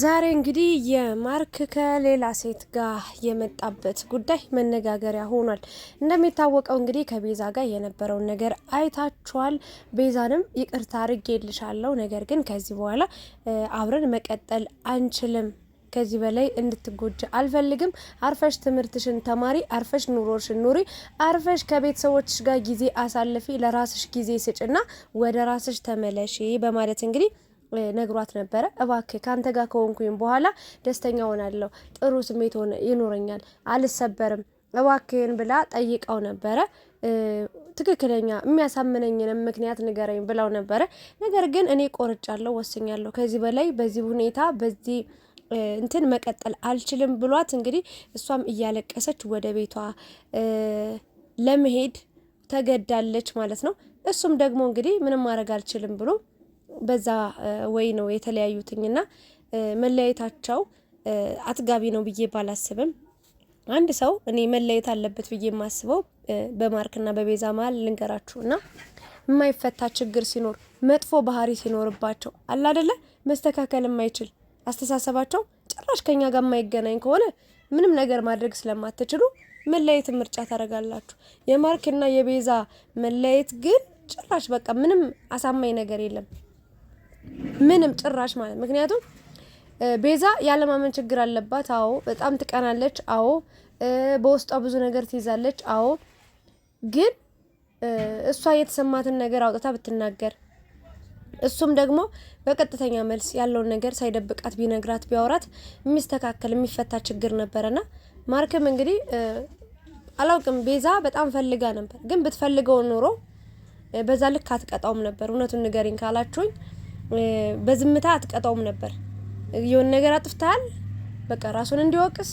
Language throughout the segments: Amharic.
ዛሬ እንግዲህ የማርክ ከሌላ ሴት ጋር የመጣበት ጉዳይ መነጋገሪያ ሆኗል። እንደሚታወቀው እንግዲህ ከቤዛ ጋር የነበረውን ነገር አይታችኋል። ቤዛንም ይቅርታ አድርጌልሻለሁ፣ ነገር ግን ከዚህ በኋላ አብረን መቀጠል አንችልም ከዚህ በላይ እንድትጎጂ አልፈልግም። አርፈሽ ትምህርትሽን ተማሪ፣ አርፈሽ ኑሮሽን ኑሪ፣ አርፈሽ ከቤተሰቦችሽ ጋር ጊዜ አሳልፊ፣ ለራስሽ ጊዜ ስጭና ወደ ራስሽ ተመለሺ በማለት እንግዲህ ነግሯት ነበረ። እባክህ ከአንተ ጋር ከሆንኩኝ በኋላ ደስተኛ ሆናለሁ፣ ጥሩ ስሜት ይኖረኛል፣ አልሰበርም እባክህን ብላ ጠይቀው ነበረ። ትክክለኛ የሚያሳምነኝንም ምክንያት ንገረኝ ብለው ነበረ። ነገር ግን እኔ ቆርጫለሁ፣ ወስኛለሁ፣ ከዚህ በላይ በዚህ ሁኔታ በዚህ እንትን መቀጠል አልችልም ብሏት እንግዲህ እሷም እያለቀሰች ወደ ቤቷ ለመሄድ ተገዳለች ማለት ነው። እሱም ደግሞ እንግዲህ ምንም ማድረግ አልችልም ብሎ በዛ ወይ ነው የተለያዩትኝና መለያየታቸው አጥጋቢ ነው ብዬ ባላስብም አንድ ሰው እኔ መለየት አለበት ብዬ የማስበው በማርክና በቤዛ መሀል እና የማይፈታ ችግር ሲኖር መጥፎ ባህሪ ሲኖርባቸው አለ አደለ መስተካከል የማይችል አስተሳሰባቸው ጭራሽ ከኛ ጋር የማይገናኝ ከሆነ ምንም ነገር ማድረግ ስለማትችሉ መለየት ምርጫ ታደርጋላችሁ። የማርክና የቤዛ መለየት ግን ጭራሽ በቃ ምንም አሳማኝ ነገር የለም። ምንም ጭራሽ ማለት ምክንያቱም ቤዛ ያለማመን ችግር አለባት። አዎ በጣም ትቀናለች። አዎ በውስጧ ብዙ ነገር ትይዛለች። አዎ ግን እሷ የተሰማትን ነገር አውጥታ ብትናገር እሱም ደግሞ በቀጥተኛ መልስ ያለውን ነገር ሳይደብቃት ቢነግራት ቢያወራት የሚስተካከል የሚፈታ ችግር ነበረና ማርክም እንግዲህ አላውቅም ቤዛ በጣም ፈልጋ ነበር፣ ግን ብትፈልገው ኑሮ በዛ ልክ አትቀጣውም ነበር። እውነቱን ንገሪኝ ካላችሁኝ በዝምታ አትቀጣውም ነበር። የሆነ ነገር አጥፍታል በቃ ራሱን እንዲወቅስ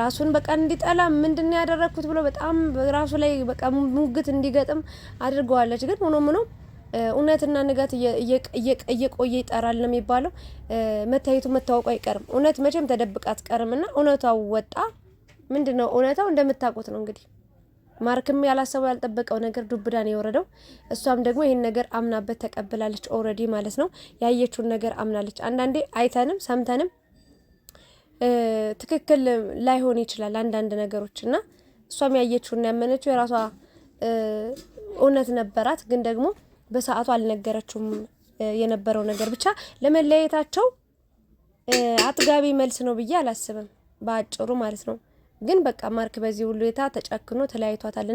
ራሱን በቃ እንዲጠላ ምንድነው ያደረግኩት ብሎ በጣም ራሱ ላይ በቃ ሙግት እንዲገጥም አድርገዋለች። ግን ሆኖ ምኖ እውነትና ንጋት እየቆየ ይጠራል ነው የሚባለው። መታየቱ መታወቁ አይቀርም። እውነት መቼም ተደብቃ አትቀርምና እውነቷ ወጣ። ምንድን ነው እውነታው እንደምታውቁት ነው እንግዲህ ማርክም ያላሰበው ያልጠበቀው ነገር ዱብዳን የወረደው። እሷም ደግሞ ይህን ነገር አምናበት ተቀብላለች። ኦልሬዲ ማለት ነው ያየችውን ነገር አምናለች። አንዳንዴ አይተንም ሰምተንም ትክክል ላይሆን ይችላል አንዳንድ ነገሮች እና እሷም ያየችውና ያመነችው የራሷ እውነት ነበራት፣ ግን ደግሞ በሰዓቱ አልነገረችውም የነበረው ነገር ብቻ ለመለያየታቸው አጥጋቢ መልስ ነው ብዬ አላስብም፣ በአጭሩ ማለት ነው። ግን በቃ ማርክ በዚህ ሁሉ ሁኔታ ተጨክኖ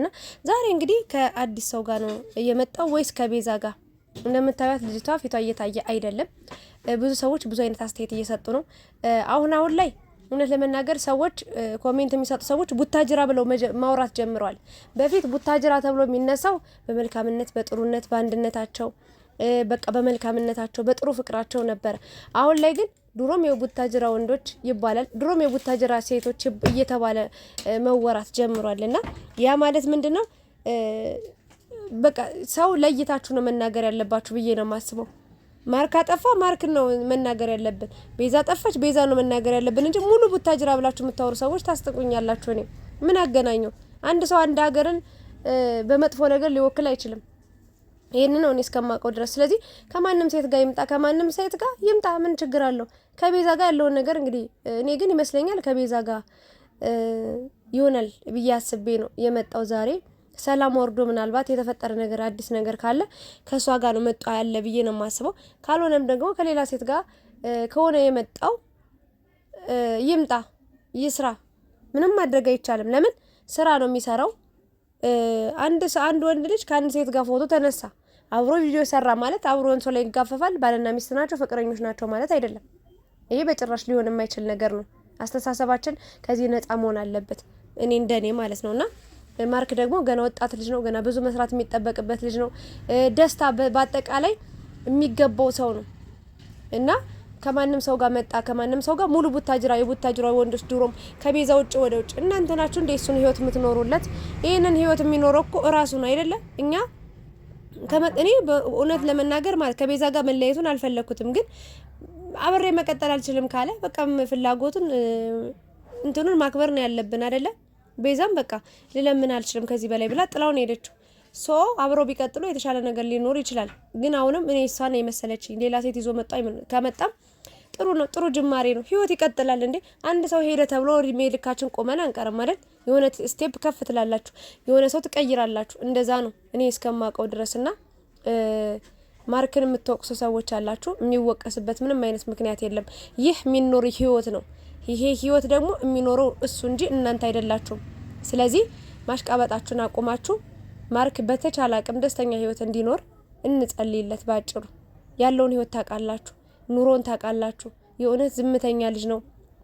ና ዛሬ እንግዲህ ከአዲስ ሰው ጋር ነው የመጣው ወይስ ከቤዛ ጋር? እንደምታዩት ልጅቷ ፊቷ እየታየ አይደለም። ብዙ ሰዎች ብዙ አይነት አስተያየት እየሰጡ ነው። አሁን አሁን ላይ እውነት ለመናገር ሰዎች ኮሜንት የሚሰጡ ሰዎች ቡታጅራ ብለው ማውራት ጀምረዋል። በፊት ቡታጅራ ተብሎ የሚነሳው በመልካምነት፣ በጥሩነት፣ በአንድነታቸው በቃ በመልካምነታቸው በጥሩ ፍቅራቸው ነበረ። አሁን ላይ ግን ድሮም የቡታጅራ ወንዶች ይባላል፣ ድሮም የቡታጅራ ሴቶች እየተባለ መወራት ጀምሯል። እና ያ ማለት ምንድን ነው? በቃ ሰው ለይታችሁ ነው መናገር ያለባችሁ ብዬ ነው የማስበው። ማርክ አጠፋ፣ ማርክ ነው መናገር ያለብን። ቤዛ ጠፋች፣ ቤዛ ነው መናገር ያለብን እንጂ ሙሉ ቡታጅራ ብላችሁ የምታወሩ ሰዎች ታስጠቁኛላችሁ። እኔ ምን አገናኘው? አንድ ሰው አንድ ሀገርን በመጥፎ ነገር ሊወክል አይችልም። ይህን ነው እኔ እስከማውቀው ድረስ። ስለዚህ ከማንም ሴት ጋር ይምጣ፣ ከማንም ሴት ጋር ይምጣ፣ ምን ችግር አለው? ከቤዛ ጋር ያለውን ነገር እንግዲህ እኔ ግን ይመስለኛል ከቤዛ ጋር ይሆናል ብዬ አስቤ ነው የመጣው ዛሬ ሰላም ወርዶ ምናልባት የተፈጠረ ነገር አዲስ ነገር ካለ ከእሷ ጋር ነው መጣ ያለ ብዬ ነው የማስበው። ካልሆነም ደግሞ ከሌላ ሴት ጋር ከሆነ የመጣው ይምጣ፣ ይስራ፣ ምንም ማድረግ አይቻልም። ለምን ስራ ነው የሚሰራው። አንድ አንድ ወንድ ልጅ ከአንድ ሴት ጋር ፎቶ ተነሳ አብሮ ቪዲዮ ሰራ ማለት አብሮ ወንሶ ላይ ይጋፈፋል። ባልና ሚስት ናቸው ፍቅረኞች ናቸው ማለት አይደለም። ይሄ በጭራሽ ሊሆን የማይችል ነገር ነው። አስተሳሰባችን ከዚህ ነጻ መሆን አለበት። እኔ እንደኔ ማለት ነውና ማርክ ደግሞ ገና ወጣት ልጅ ነው። ገና ብዙ መስራት የሚጠበቅበት ልጅ ነው። ደስታ በአጠቃላይ የሚገባው ሰው ነው እና ከማንም ሰው ጋር መጣ ከማንም ሰው ጋር ሙሉ ቡታጅራ የቡታጅራ ወንዶች ድሮም ከቤዛ ውጭ ወደ ውጭ እናንተ ናችሁ እንደ እሱን ህይወት የምትኖሩለት። ይህንን ህይወት የሚኖረው እኮ እራሱ ነው አይደለም እኛ እኔ በእውነት ለመናገር ማለት ከቤዛ ጋር መለየቱን አልፈለግኩትም፣ ግን አብሬ መቀጠል አልችልም ካለ በቃም ፍላጎቱን እንትኑን ማክበር ነው ያለብን አይደለ? ቤዛም በቃ ልለምን አልችልም ከዚህ በላይ ብላ ጥላውን ሄደችው። ሶ አብሮ ቢቀጥሉ የተሻለ ነገር ሊኖር ይችላል። ግን አሁንም እኔ እሷን የመሰለች ሌላ ሴት ይዞ መጣ ከመጣም ጥሩ ነው። ጥሩ ጅማሬ ነው። ህይወት ይቀጥላል እንዴ! አንድ ሰው ሄደ ተብሎ እድሜ ልካችን ቆመን አንቀርም አይደል? የሆነ ስቴፕ ከፍ ትላላችሁ፣ የሆነ ሰው ትቀይራላችሁ። እንደዛ ነው እኔ እስከማውቀው ድረስና ማርክን የምትወቅሱ ሰዎች አላችሁ። የሚወቀስበት ምንም አይነት ምክንያት የለም። ይህ የሚኖር ህይወት ነው። ይሄ ህይወት ደግሞ የሚኖረው እሱ እንጂ እናንተ አይደላችሁም። ስለዚህ ማሽቃበጣችሁን አቁማችሁ ማርክ በተቻለ አቅም ደስተኛ ህይወት እንዲኖር እንጸልይለት። ባጭሩ ያለውን ህይወት ታውቃላችሁ። ኑሮን ታውቃላችሁ። የእውነት ዝምተኛ ልጅ ነው።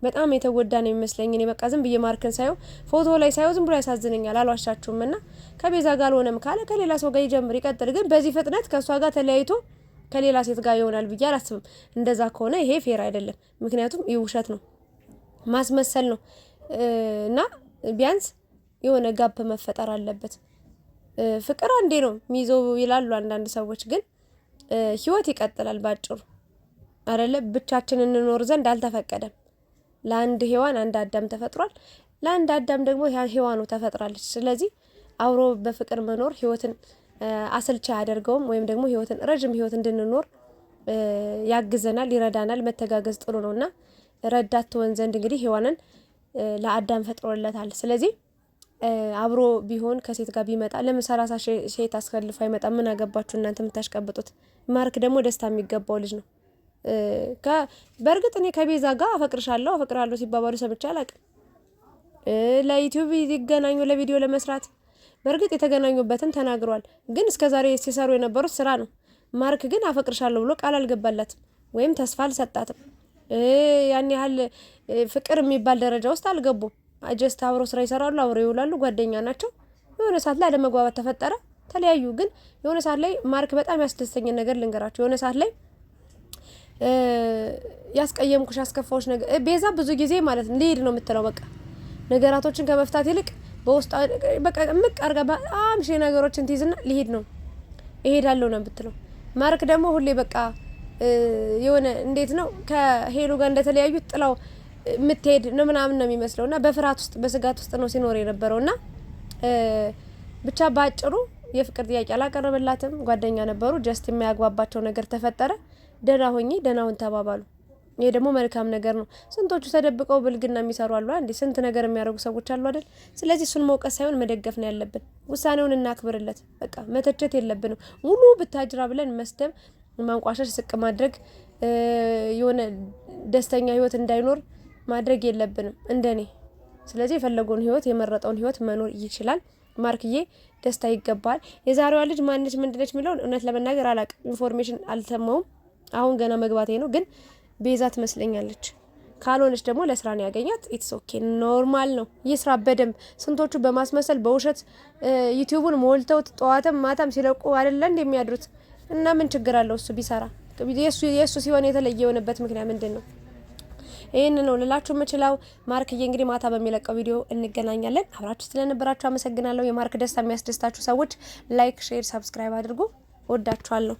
በጣም የተጎዳ ነው የሚመስለኝ። እኔ በቃ ዝም ብዬ ማርክን ሳየው ፎቶ ላይ ሳየው ዝም ብሎ ያሳዝነኛል። አልዋሻችሁም። እና ከቤዛ ጋር አልሆነም ካለ ከሌላ ሰው ጋር ይጀምር ይቀጥል። ግን በዚህ ፍጥነት ከእሷ ጋር ተለያይቶ ከሌላ ሴት ጋር ይሆናል ብዬ አላስብም። እንደዛ ከሆነ ይሄ ፌር አይደለም። ምክንያቱም ይህ ውሸት ነው፣ ማስመሰል ነው እና ቢያንስ የሆነ ጋፕ መፈጠር አለበት። ፍቅር አንዴ ነው የሚይዘው ይላሉ አንዳንድ ሰዎች፣ ግን ህይወት ይቀጥላል ባጭሩ። አደለ? ብቻችን እንኖር ዘንድ አልተፈቀደም። ለአንድ ሔዋን አንድ አዳም ተፈጥሯል። ለአንድ አዳም ደግሞ ሔዋኑ ተፈጥራለች። ስለዚህ አብሮ በፍቅር መኖር ህይወትን አሰልቻ አያደርገውም፣ ወይም ደግሞ ህይወትን ረዥም ህይወት እንድንኖር ያግዘናል፣ ይረዳናል። መተጋገዝ ጥሩ ነው እና ረዳት ትሆን ዘንድ እንግዲህ ሔዋንን ለአዳም ፈጥሮለታል። ስለዚህ አብሮ ቢሆን ከሴት ጋር ቢመጣ ለምን ሰላሳ ሴት አስከልፎ አይመጣም? ምን አገባችሁ እናንተ የምታሽቀብጡት? ማርክ ደግሞ ደስታ የሚገባው ልጅ ነው። በእርግጥ እኔ ከቤዛ ጋር አፈቅርሻለሁ አፈቅርሃለሁ ሲባባሉ ሰምቼ አላውቅም። ለዩቲዩብ ይገናኙ ለቪዲዮ ለመስራት በእርግጥ የተገናኙበትን ተናግሯል። ግን እስከዛሬ ሲሰሩ የነበሩት ስራ ነው። ማርክ ግን አፈቅርሻለሁ ብሎ ቃል አልገባላትም ወይም ተስፋ አልሰጣትም። ያን ያህል ፍቅር የሚባል ደረጃ ውስጥ አልገቡም። አጀስት አብሮ ስራ ይሰራሉ፣ አብሮ ይውላሉ፣ ጓደኛ ናቸው። የሆነ ሰዓት ላይ አለመግባባት ተፈጠረ፣ ተለያዩ። ግን የሆነ ሰዓት ላይ ማርክ በጣም ያስደስተኝን ነገር ልንገራቸው የሆነ ሰዓት ላይ ያስቀየምኩሽ ያስከፋዎች ነገር ቤዛ ብዙ ጊዜ ማለት ነው ልሄድ ነው የምትለው በቃ ነገራቶችን ከመፍታት ይልቅ በውስጥ በቃ ምቅ አርጋ በጣም ሽ ነገሮችን ትይዝና ልሄድ ነው እሄዳለሁ ነው የምትለው። ማርክ ደግሞ ሁሌ በቃ የሆነ እንዴት ነው ከሄሉ ጋር እንደተለያዩ ጥላው የምትሄድ ነው ምናምን ነው የሚመስለው እና በፍርሃት ውስጥ በስጋት ውስጥ ነው ሲኖር የነበረው እና ብቻ በአጭሩ የፍቅር ጥያቄ አላቀረበላትም። ጓደኛ ነበሩ። ጀስት የማያግባባቸው ነገር ተፈጠረ። ደህና ሆኜ ደህናውን ተባባሉ። ይሄ ደግሞ መልካም ነገር ነው። ስንቶቹ ተደብቀው ብልግና የሚሰሩ አሉ። አንዴ ስንት ነገር የሚያደርጉ ሰዎች አሉ አይደል? ስለዚህ እሱን መውቀስ ሳይሆን መደገፍ ነው ያለብን። ውሳኔውን እናክብርለት። በቃ መተቸት የለብንም። ሙሉ ብታጅራ ብለን መስደብ፣ ማንቋሸሽ፣ ስቅ ማድረግ፣ የሆነ ደስተኛ ህይወት እንዳይኖር ማድረግ የለብንም እንደኔ። ስለዚህ የፈለገውን ህይወት የመረጠውን ህይወት መኖር ይችላል። ማርክዬ ደስታ ይገባል። የዛሬዋ ልጅ ማነች ምንድነች የሚለውን እውነት ለመናገር አላቅ ኢንፎርሜሽን አልሰማውም። አሁን ገና መግባቴ ነው። ግን ቤዛ ትመስለኛለች። ካልሆነች ደግሞ ለስራ ነው ያገኛት። ኢትስ ኦኬ ኖርማል ነው። ይህ ስራ በደንብ ስንቶቹ በማስመሰል በውሸት ዩቲዩቡን ሞልተውት ጠዋትም ማታም ሲለቁ አይደለ የሚያድሩት? እና ምን ችግር አለው እሱ ቢሰራ የእሱ ሲሆን የተለየ የሆነበት ምክንያት ምንድን ነው? ይህን ነው ልላችሁ የምችለው። ማርክዬ እንግዲህ ማታ በሚለቀው ቪዲዮ እንገናኛለን። አብራችሁ ስለነበራችሁ አመሰግናለሁ። የማርክ ደስታ የሚያስደስታችሁ ሰዎች ላይክ፣ ሼር፣ ሰብስክራይብ አድርጉ። ወዳችኋለሁ።